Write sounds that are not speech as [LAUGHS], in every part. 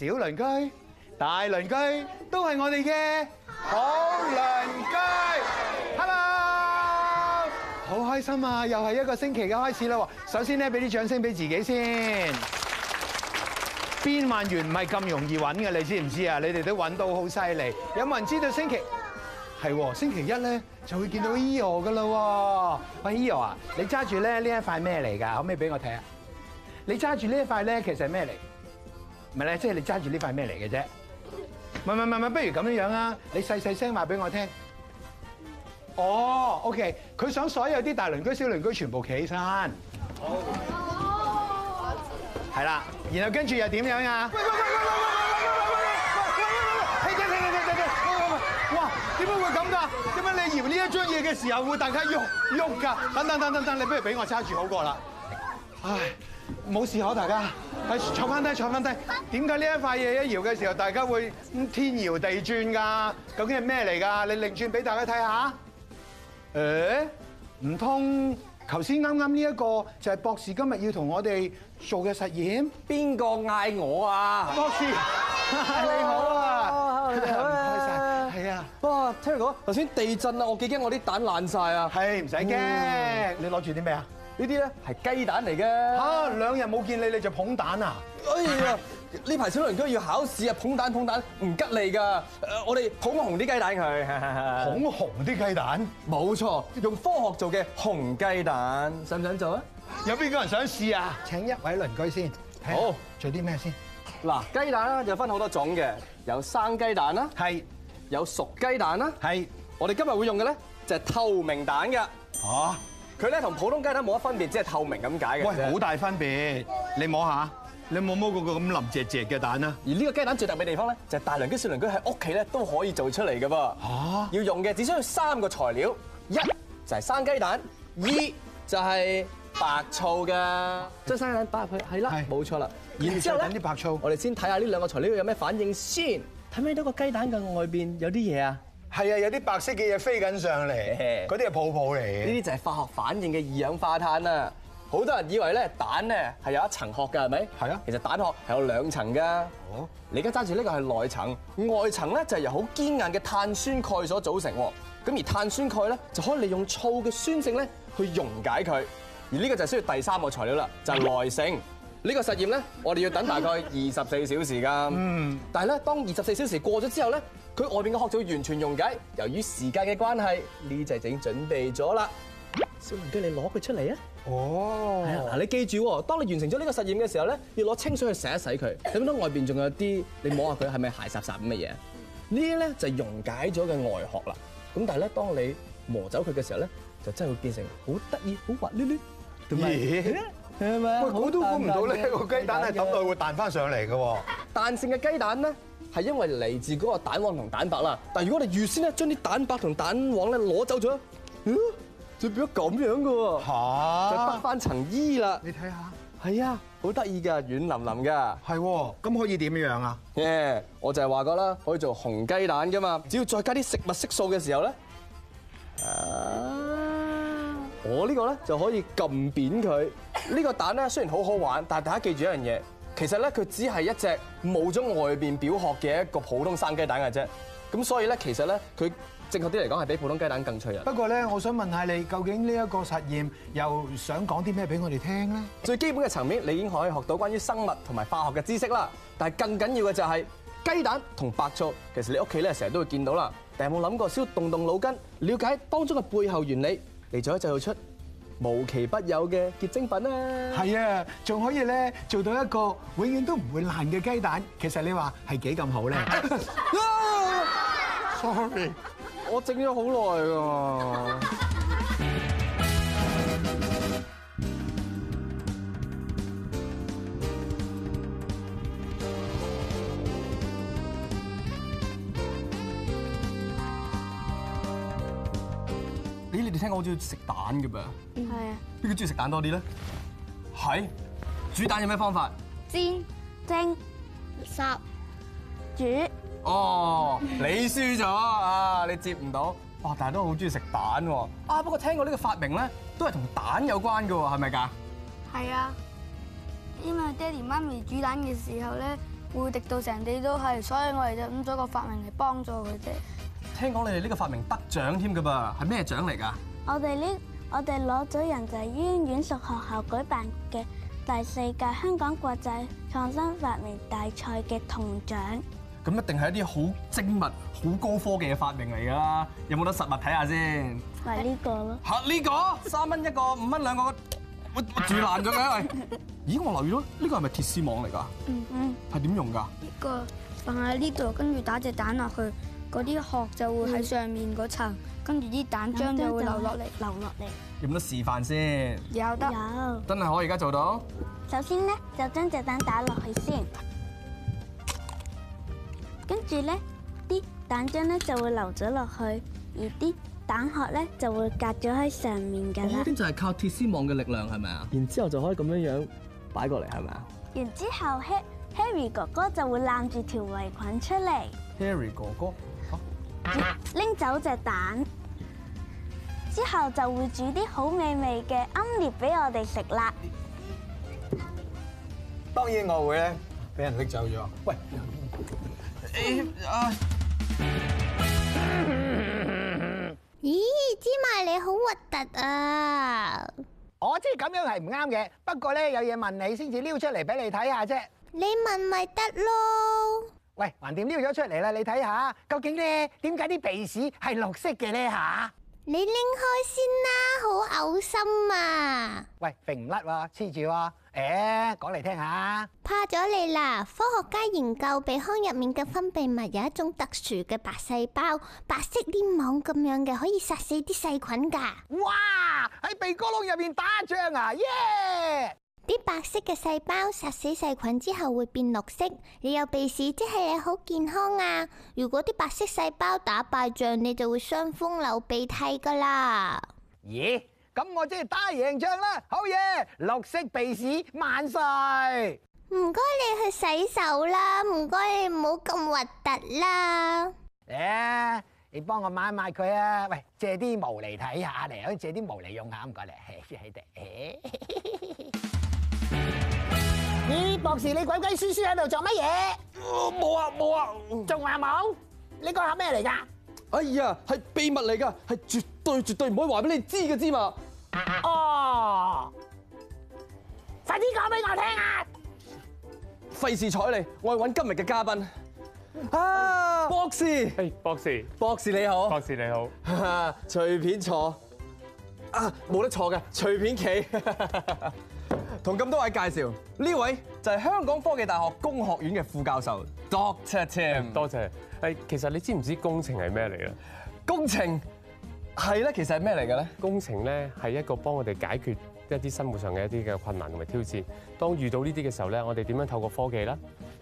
小鄰居、大鄰居都係我哋嘅好鄰居。Hello，好開心啊！又係一個星期嘅開始啦。首先咧，俾啲掌聲俾自己先。邊萬元唔係咁容易揾嘅，你知唔知啊？你哋都揾到好犀利。有冇人知道星期係喎、Eo？星期一咧就會見到 Eo 嘅啦喎。喂，Eo 啊，你揸住咧呢一塊咩嚟㗎？可唔可以俾我睇啊？你揸住呢一塊咧，其實係咩嚟？唔係咧，即係你揸住呢塊咩嚟嘅啫？唔唔唔唔，不如咁樣樣啊，你細細聲話俾我聽。哦，OK，佢想所有啲大鄰居、小鄰居全部企起身。好。係啦，然後跟住又點樣啊？喂喂喂喂喂喂喂喂喂喂！喂喂喂喂！兄弟兄弟兄弟！喂喂喂！哇，點解會咁㗎？點解你搖呢一張嘢嘅時候會大家鬱鬱㗎？等等等等等，你不如俾我揸住好過啦。唉，冇事。好，大家，係坐返低，坐返低。點解呢一塊嘢一搖嘅時候，大家會天搖地轉㗎？究竟係咩嚟㗎？你擰轉俾大家睇下。誒，唔通頭先啱啱呢一個就係博士今日要同我哋做嘅實驗？邊個嗌我啊？博士，你好啊！佢哋唔開曬，係啊！哇！聽講頭先地震啦，我幾驚我啲蛋爛曬啊！係，唔使驚，你攞住啲咩啊？呢啲咧係雞蛋嚟嘅，嚇，兩日冇見你，你就捧蛋啊！哎呀，呢排小鄰居要考試啊，捧蛋捧蛋唔吉利噶，誒，我哋捧紅啲雞蛋佢，捧紅啲雞蛋，冇錯，用科學做嘅紅雞蛋，想唔想做啊？有邊個人想試啊？請一位鄰居先，好，做啲咩先？嗱，雞蛋咧就分好多種嘅，有生雞蛋啦，係有熟雞蛋啦，係我哋今日會用嘅咧就係透明蛋㗎，嚇。佢咧同普通雞蛋冇乜分別，只係透明咁解嘅。喂，好大分別！你摸下，你有冇摸過個咁淋直直嘅蛋啊？而呢個雞蛋最特別嘅地方咧，就係、是、大鄰居、小鄰居喺屋企咧都可以做出嚟噶噃。嚇、啊！要用嘅只需要三個材料，一就係、是、生雞蛋，二就係、是、白醋㗎。將是生雞蛋擺入去，係啦，冇是錯啦。之後等啲白醋，我哋先睇下呢兩個材料有咩反應先。睇唔睇到個雞蛋嘅外邊有啲嘢啊？係啊，有啲白色嘅嘢飛緊上嚟，嗰啲係泡泡嚟嘅。呢啲就係化學反應嘅二氧化碳啦。好多人以為咧蛋咧係有一層殼㗎，係咪？係啊。其實蛋殼係有兩層㗎。哦。你而家揸住呢個係內層，外層咧就係由好堅硬嘅碳酸鈣所組成。咁而碳酸鈣咧就可以利用醋嘅酸性咧去溶解佢。而呢個就需要第三個材料啦，就係耐性。呢個實驗咧，我哋要等大概二十四小時㗎。嗯，但係咧，當二十四小時過咗之後咧，佢外邊嘅殼就會完全溶解。由於時間嘅關係，呢就已經準備咗啦。小龍哥，你攞佢出嚟啊！哦，係啊，嗱，你記住，當你完成咗呢個實驗嘅時候咧，要攞清水去洗一洗佢。點解外邊仲有啲？你摸下佢係咪鞋濕濕咁嘅嘢？呢啲咧就係溶解咗嘅外殼啦。咁但係咧，當你磨走佢嘅時候咧，就真係會變成好得意、好滑溜溜，同埋。我估喂都估唔到咧，個雞蛋係等耐會彈翻上嚟嘅。 [LAUGHS] 彈性嘅雞蛋咧，係因為嚟自嗰個蛋黃同蛋白啦。但係如果你預先咧將啲蛋白同蛋黃咧攞走咗，嗯、啊，就變咗咁樣嘅喎。嚇、啊！就得翻層衣啦。你睇下，係啊，好得意㗎，軟腍腍㗎。係喎、啊，咁可以點樣啊？耶！Yeah, 我就係話過啦，可以做紅雞蛋㗎嘛。只要再加啲食物色素嘅時候咧，啊！我呢個咧就可以撳扁佢呢個蛋咧。雖然好好玩，但係大家記住一樣嘢，其實咧佢只係一隻冇咗外邊表殼嘅一個普通生雞蛋嘅啫。咁所以咧，其實咧佢正確啲嚟講係比普通雞蛋更脆呀。不過咧，我想問下你，究竟呢一個實驗又想講啲咩俾我哋聽咧？最基本嘅層面，你已經可以學到關於生物同埋化學嘅知識啦。但係更緊要嘅就係雞蛋同白醋，其實你屋企咧成日都會見到啦，但係有冇諗過，稍動動腦筋了解當中嘅背後原理。嚟再製造出無奇不有嘅結晶品啊！係啊，仲可以咧做到一個永遠都唔會爛嘅雞蛋。其實你話係幾咁好咧 [LAUGHS] ？Sorry，我整咗好耐㗎。你聽過好中意食蛋嘅咩？係啊，邊個中意食蛋多啲咧？係，煮蛋有咩方法？煎、蒸、烚、煮。哦，你輸咗啊！你接唔到。哇、哦，但係都好中意食蛋喎。啊，不過聽過呢個發明咧，都係同蛋有關嘅喎，係咪噶？係啊，因為爹哋媽咪煮蛋嘅時候咧，會滴到成地都係，所以我哋就諗咗個發明嚟幫助佢哋。聽講你哋呢個發明得獎添噶噃，係咩獎嚟噶？我哋呢，我哋攞咗人就仔醫院術學校舉辦嘅第四屆香港國際創新發明大賽嘅銅獎。咁一定係一啲好精密、好高科技嘅發明嚟噶啦，有冇得實物睇下先？係呢個咯。吓呢、啊這個三蚊一個，五蚊兩個，我住爛咗嘅。 [LAUGHS] 咦，我留意咯，呢、這個係咪鐵絲網嚟噶、嗯？嗯嗯。係點用噶？呢個放喺呢度，跟住打隻蛋落去。嗰啲殼就會喺上面嗰層，跟住啲蛋漿就會流落嚟，流落嚟，有冇得示範先？有得有，真係可以而家做到。首先咧，就將隻蛋打落去先，跟住咧，啲蛋漿咧就會流咗落去，而啲蛋殼咧就會隔咗喺上面㗎喇。呢邊就係靠鐵絲網嘅力量係咪啊？然之後就可以咁樣樣擺過嚟係咪啊？然之後，Harry Harry 哥哥就會攬住條圍裙出嚟，Harry 哥哥。拎走隻蛋，之後就會煮啲好美味嘅奄列俾我哋食啦。當然我會咧，俾人拎走咗。喂，你啊？咦，芝麻你好核突啊！我知咁樣係唔啱嘅，不過咧有嘢問你先至撩出嚟俾你睇下啫。你問咪得咯？喂，橫掂撩咗出嚟啦，你睇下，究竟呢點解啲鼻屎係綠色嘅呢？吓，你拎開先啦，好嘔心啊！喂，肥甩唔甩？黐住喎，誒、哎，講嚟聽下。怕咗你啦！科學家研究鼻腔入面嘅分泌物，有一種特殊嘅白細胞，白色黏網咁樣嘅，可以殺死啲細菌噶。哇！喺鼻哥窿入面打仗啊！耶、yeah!！啲白色嘅細胞殺死細菌之後會變綠色，你有鼻屎即係你好健康啊！如果啲白色細胞打敗仗，你就會傷風流鼻涕噶啦。咦、yeah？咁我即係打贏仗啦，好嘢！綠色鼻屎萬歲！唔該你去洗手啦，唔該你唔好咁核突啦。誒，你幫我買一買佢啊！喂，借啲毛嚟睇下嚟，可以借啲毛嚟用下，唔該你。 [LAUGHS] 咦，博士你鬼鬼祟祟喺度做乜嘢？冇啊，冇啊。仲話冇？呢個盒咩嚟噶？哎呀，係秘密嚟噶，係絕對絕對唔可以話俾你知嘅，知嘛？哦，快啲講俾我聽啊！費事睬你，我係揾今日嘅嘉賓。啊，哎、博士。誒，博士。博士你好。博士你好。哈哈，隨便坐。啊，冇得坐嘅，隨便企。 [LAUGHS] 同咁多位介紹，呢位就係香港科技大學工學院嘅副教授 Doctor Tim。多謝，多謝。係，其實你知唔知工程係咩嚟咧？工程係咧，其實係咩嚟嘅咧？工程咧係一個幫我哋解決一啲生活上嘅一啲嘅困難同埋挑戰。當遇到呢啲嘅時候咧，我哋點樣透過科技啦、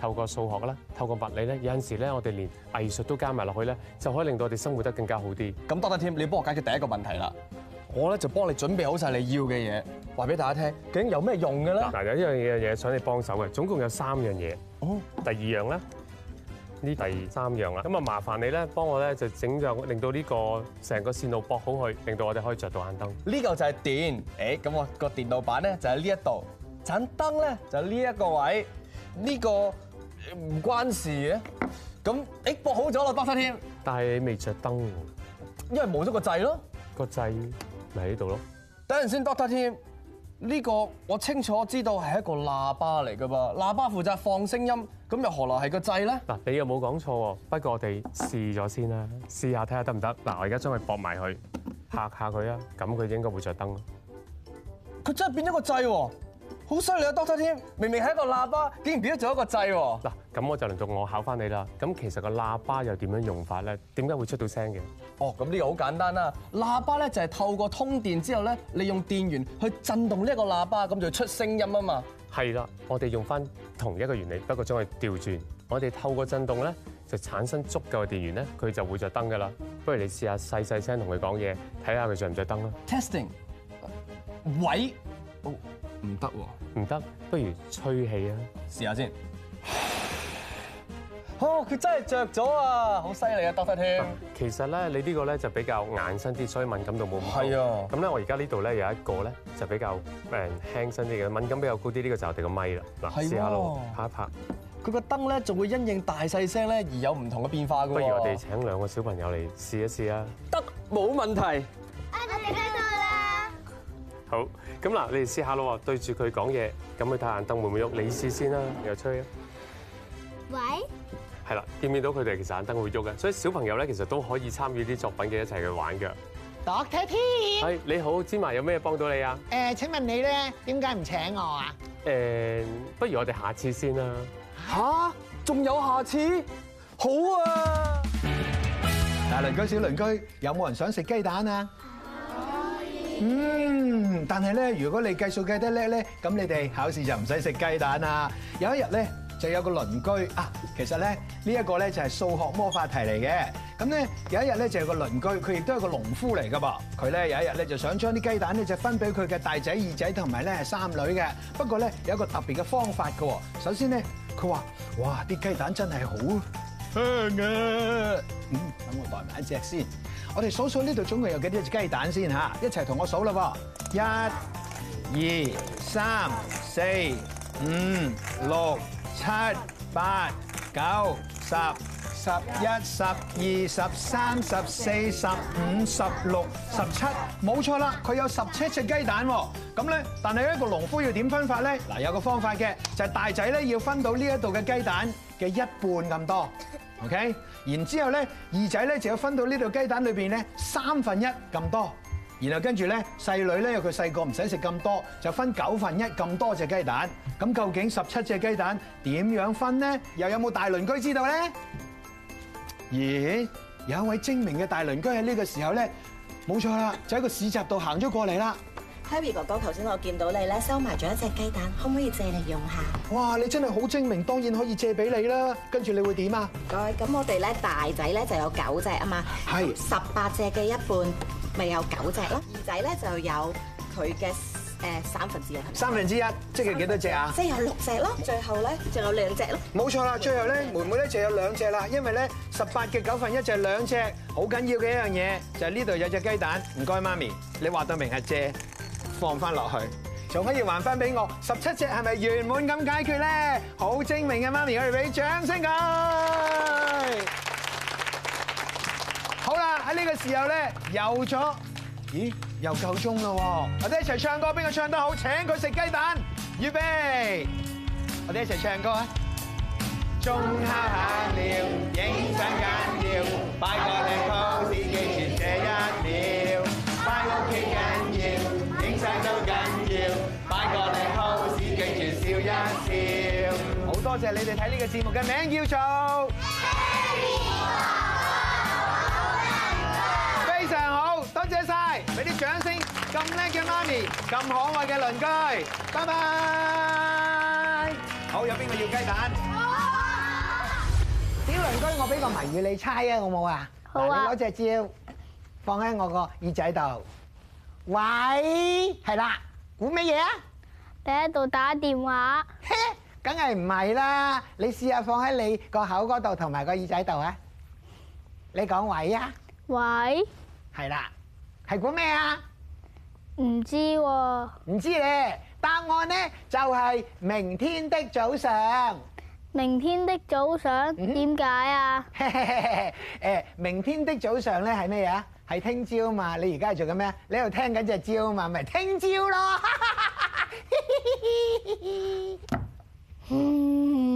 透過數學啦、透過物理咧，有陣時咧，我哋連藝術都加埋落去咧，就可以令到我哋生活得更加好啲。咁 Doctor Tim，你幫我解決第一個問題啦。我咧就幫你準備好曬你要嘅嘢，話俾大家聽，究竟有咩用嘅咧？嗱，有一樣嘢嘢想你幫手嘅，總共有三樣嘢。哦。第二樣咧，呢第三樣啦。咁啊，麻煩你咧，幫我咧就整咗，令到呢個成個線路駁好去，令到我哋可以著到眼燈。呢嚿就係電，誒咁我個電腦板咧就喺呢一度，盞燈咧就呢一個位，呢個唔關事嘅。咁誒駁好咗咯，駁晒添。但係你未著燈，因為冇咗個掣咯，個掣。咪喺度咯！等陣先，Doctor Tim，呢個我清楚知道係一個喇叭嚟噶噃，喇叭負責放聲音，咁又何來係個掣咧？嗱、啊，你又冇講錯喎、啊，不過我哋試咗先啦、啊，試下睇下得唔得？嗱、啊，我而家將佢鑊埋去，嚇下佢啊，咁佢應該會著燈、啊。佢真係變咗個掣喎、啊！好犀利啊，Doctor 添！Dr. Tim，明明係一個喇叭，竟然變咗做一個掣喎。嗱、啊，咁我就輪到我考翻你啦。咁其實個喇叭又點樣用法咧？點解會出到聲嘅？哦，咁呢個好簡單啦。喇叭咧就係透過通電之後咧，利用電源去震動呢一個喇叭，咁就出聲音啊嘛。係啦，我哋用翻同一個原理，不過將佢調轉。我哋透過震動咧，就產生足夠嘅電源咧，佢就會着燈㗎啦。不如你試下細細聲同佢講嘢，睇下佢着唔着燈啦。Testing。喂。Oh. 唔得喎，唔得，不如吹氣啊！試下先。哦，佢真係着咗啊！好犀利啊，得失添。其實咧，你呢個咧就比較硬身啲，所以敏感度冇咁高。係啊。咁咧，我而家呢度咧有一個咧就比較誒輕身啲嘅，敏感比較高啲。呢個就係我哋個咪啦。嗱，試下咯，拍一拍。佢個燈咧仲會因應大細聲咧而有唔同嘅變化㗎。不如我哋請兩個小朋友嚟試一試啊。得，冇問題。好，咁嗱，你哋試下咯喎，對住佢講嘢，咁佢睇下眼燈會唔會喐？你試先啦，又吹啊！喂，係啦，見唔見到佢哋？其實眼燈會喐嘅，所以小朋友咧，其實都可以參與啲作品嘅一齊去玩㗎。Doctor T，係你好，芝麻有咩幫到你啊？誒，請問你咧，點解唔請我啊？誒，不如我哋下次先啦。嚇，仲有下次？好啊！大，鄰居小鄰居，有冇人想食雞蛋啊？嗯，但係咧，如果你計數計得叻咧，咁你哋考試就唔使食雞蛋喇。有一日咧，就有個鄰居啊。其實咧，呢一個咧就係數學魔法題嚟嘅。咁咧有一日咧就係個鄰居，佢亦都係個農夫嚟噶喎。佢咧有一日咧就想將啲雞蛋咧就分俾佢嘅大仔、二仔同埋咧三女嘅。不過咧有一個特別嘅方法噶。首先咧佢話：哇，啲雞蛋真係好香嘅，啊，嗯，咁我代埋一隻先。我哋數數呢度總共有幾多隻雞蛋先吓，一齊同我數啦。一、二、三、四、五、六、七、八、九、十、十一、十二、十三、十四、十五、十六、十七，冇錯啦，佢有十七隻雞蛋。咁咧，但係一個農夫要點分法咧？嗱，有個方法嘅，就係、是、大仔咧要分到呢一度嘅雞蛋嘅一半咁多。OK，然之後咧，二仔咧就要分到呢度雞蛋裏邊咧三分一咁多，然後跟住咧細女咧，佢細個唔使食咁多，就分九分一咁多隻雞蛋。咁究竟十七隻雞蛋點樣分咧？又有冇大鄰居知道咧？咦，有一位精明嘅大鄰居喺呢個時候咧，冇錯啦，就喺個市集度行咗過嚟啦。Harry 哥哥，頭先我見到你咧收埋咗一隻雞蛋，可唔可以借嚟用下？哇！你真係好精明，當然可以借俾你啦。跟住你會點啊？唔該。咁我哋咧大仔咧就有九隻啊嘛，係十八隻嘅一半，咪有九隻咯。二仔咧就有佢嘅誒三分之一，三分之一即係幾多隻啊？即係有六隻咯。最後咧仲有兩隻咯。冇錯啦，最後咧妹妹咧就有兩隻啦，因為咧十八嘅九份一就係兩隻。好緊要嘅一樣嘢就係呢度有隻雞蛋，唔該媽咪，你話到明係借。放翻落去，仲可以還翻俾我十七隻，係咪圓滿咁解決咧？好精明嘅媽咪，我哋俾掌聲佢。好啦，喺呢個時候咧，又咗，咦，又夠鐘啦喎！我哋一齊唱歌，邊個唱得好，請佢食雞蛋。預備，我哋一齊唱歌啊！鐘敲下了，影相緊要，拜個年好。多謝你哋睇呢個節目嘅名叫做，非常好，多謝晒，俾啲掌聲。咁叻嘅媽咪，咁可愛嘅鄰居，拜拜。好，有邊個要雞蛋？好啊！小鄰居，我俾個謎語你猜啊，好冇啊？好啊！你攞隻蕉放喺我個耳仔度，喂，係啦，估咩嘢啊？你喺度打電話。梗係唔係啦！你試下放喺你個口嗰度同埋個耳仔度啊！你講位啊？位係啦，係估咩啊？唔知喎，唔知咧。答案咧就係明天的早上。明天的早上點解啊？誒，明天的早上咧係咩啊？係聽朝嘛？你而家係做緊咩？你喺度聽緊只朝嘛？咪聽朝咯！嗯。